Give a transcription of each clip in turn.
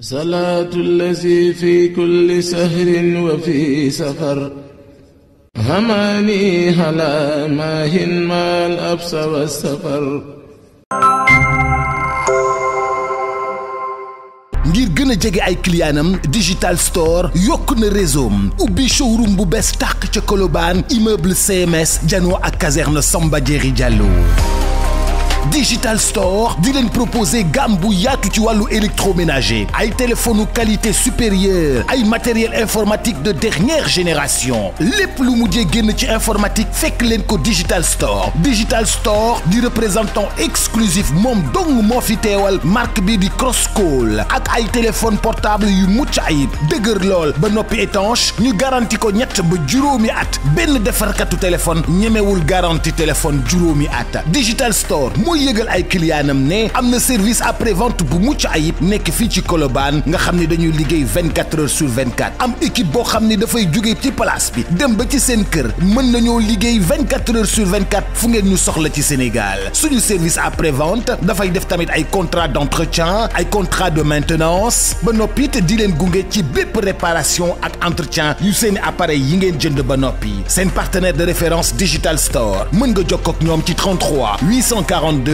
salaatu allazi fi kulli sahrin wa fi safar hamaani halaa maahin maal absa wa safar ngir gën a jege ay kliyaanam digital store yokk na réseau ubbi showroom bu bees tàq ca Colobane immeuble CMS janoo ak caserne Samba Diéry Diallo digital store di leen proposer gamme bu yaatu ci wàllu électroménager ay téléphone qualité supérieure ay matériel informatique de dernière génération lépp lu mujjee génn ci informatique fekk leen ko digital store digital store di représentant exclusif moom dong moo fi teewal marque bi di Crosscall ak ay téléphone portable yu mucc ayib dëgër lool ba noppi étanche ñu garanti ko ñett ba jurómi at benn defarkatu téléphone ñemewul garanti téléphone juróomi at digital store yëgal ay clientam ne am na service après vente bu mucc ayib nekk fii ci Colobane nga xam ne dañuy liggéey 24 heures sur 24 am équipe boo xam ne dafay jóge ci place bi dem ba ci seen kër mën nañoo liggéey 24 heures sur 24 fu ngeen ñu soxla ci Sénégal suñu service après vente dafay def tamit ay contrat d'entretien ay contrat de maintenance ba noppi te di leen gunge ci bépp réparation ak entretien yu seeni appareil yi ngeen jënd ba noppi seen partenaire de référence Digital Store mën nga jokkoo ak ñoom ci 33 842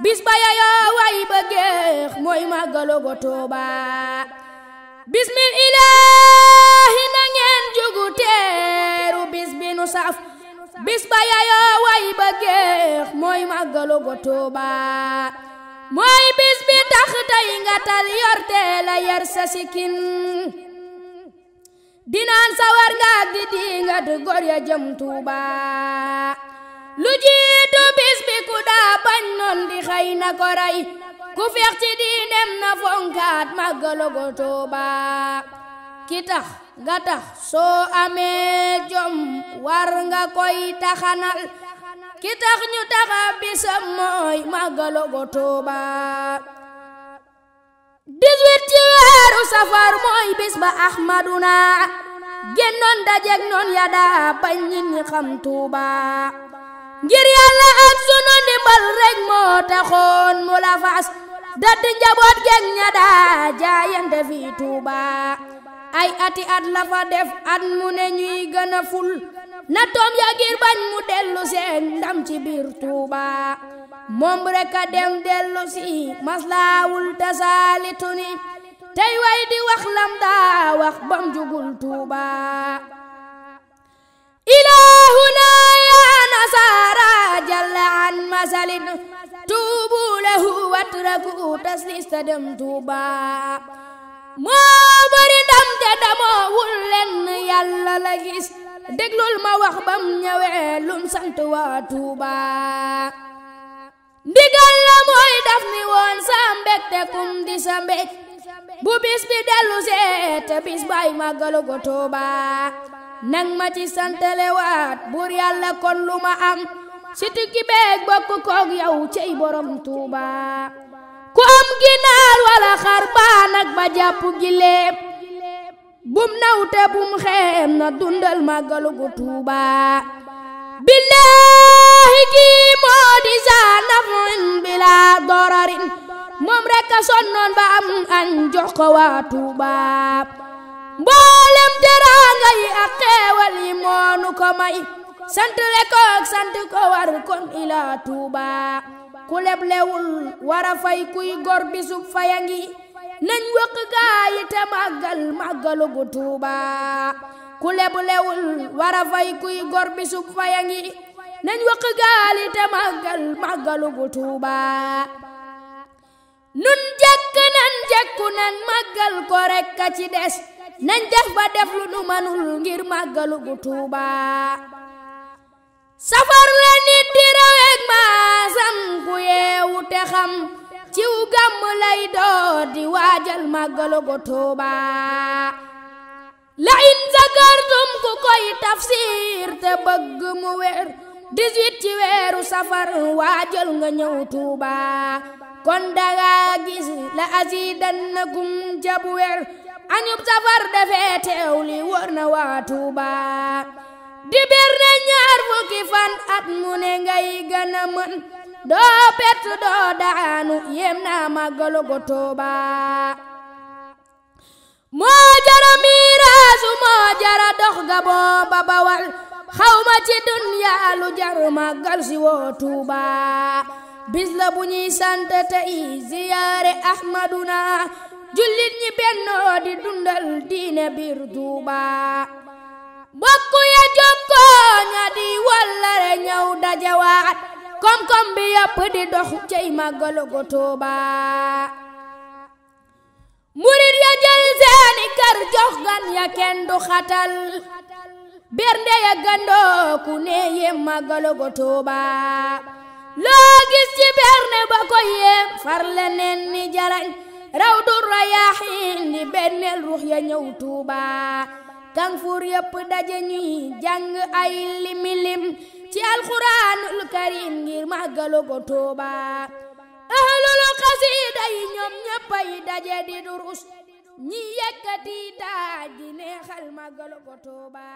bis ba yayoo way ba géex mooy màggalu go Tuuba bismil ilaahi na ngeen jugu bis bi nu saf bis ba yayoo way ba géex mooy màggalu go Tuuba mooy bis bi tax tey nga tal yorte la yar sa sikkin dinaan sawar nga ak di dingat gor ya jëm Tuuba lu jiitu bis bi ku daa bañ noon di xëy na ko rey ku feex ci diineem na fonkaat màggalu ko Tuuba ki tax nga tax soo amee jom war nga koy taxanal ki tax ñu taxa bisam mooy màggalu ko Tuuba 18 ci weeru safar mooy bis ba Ahmaduna génnoon dajeek noon ya daa bañ nit xam Tuuba ngir yàlla ak sunu ndimbal rek moo taxoon mu la fas dadd njaboot geeg ña daa jaayante fi Tuuba ay ati at la fa def at mu ne ñuy gën ful na toom ya ngir bañ mu dellu seen ndam ci biir Tuuba moom rek a dem dellu si maslaawul tasaalitu ni tey way di wax lam daa wax bam jugul Tuuba جل عن مثل توبوا له واتركوا تسليس دم توبا moo bari ndam te damoo wul lenn yàlla la gis déglul ma wax bam ñëwee lum sant waa Tuuba ndigal la mooy daf ni woon sa mbég te kum di sa mbég bu bis bi dellu see te bis bay màggalu ko Tuuba nang ma ci santale waat buur yàlla kon lu ma am si tukki beeg bokk koog yow cey borom tuuba ku am ginaar wala xar baa ba jàpp giléem bum naw te bum xeem na dundal màggalu gu tuuba billaahi kii moo di saa nafin bila dararin moom rekk a sonnoon ba am an jox ko waa tuuba mboolem teraanga yi ak xeewal yi moonu ko may sant le ko ak sant ko war kon ilaa Tuuba ku leblewul wara fay kuy gor bisub fayangi nañ wëq gaay te màggal màggalu gu ku leblewul wara fay kuy gor bisub fayangi nañ wëq gaali te màggal màggalu gu nun jekk nan jekku nan màggal ko rekk a ci des nañ def ba def lu nu manul ngir màggalu gu safar la nit di raweeg maasam ku yeewu te xam ciw gàmm lay door di waajal màggalu ko la in zakartum ku koy tafsir te bëgg mu wér 18 ci weeru safar waajal nga ñëw Tuuba kon daga gis la azidannakum jabu wér añub safar dafee teew li wër na waa Tuuba di bér na ñaar fukki fan at mu ne ngay gën mën doo pett doo daanu yem naa màggalu ko Tuuba moo jara miiraasu moo jara dox gaboo ba bawal xawma ci dunya lu jar màggal si woo Tuuba bis la bu ñuy sant tey ziyaare Ahmaduna jullit ñi bennoo di dundal diine biir Tuuba bokk ya jom ko ña di wallare ñëw dajewaat kom bi yëpp di dox cey màggalu gu Tuuba murit ya jël seeni kër jox gan ya kenn du xatal bernde ya gandoo ne yem màggalu gu Tuuba loo gis ci berne ba ko yem far leneen ni jarañ raw du rayaaxin di benneel ruux ya ñëw Tuuba kanfuur yépp daje ñuy jàng ay limilim ci alxuraanul karim ngir màggalu ko Tuuba ahlul xasiida yi ñoom ñépp ay daje di durus ñi yëkkati taaj di neexal màggalu ko Tuuba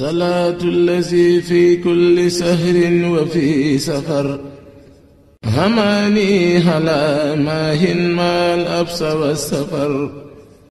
salaatu lazi fi kulli sahrin wa fi safar همالي هلا ما هن ما الأبس والسفر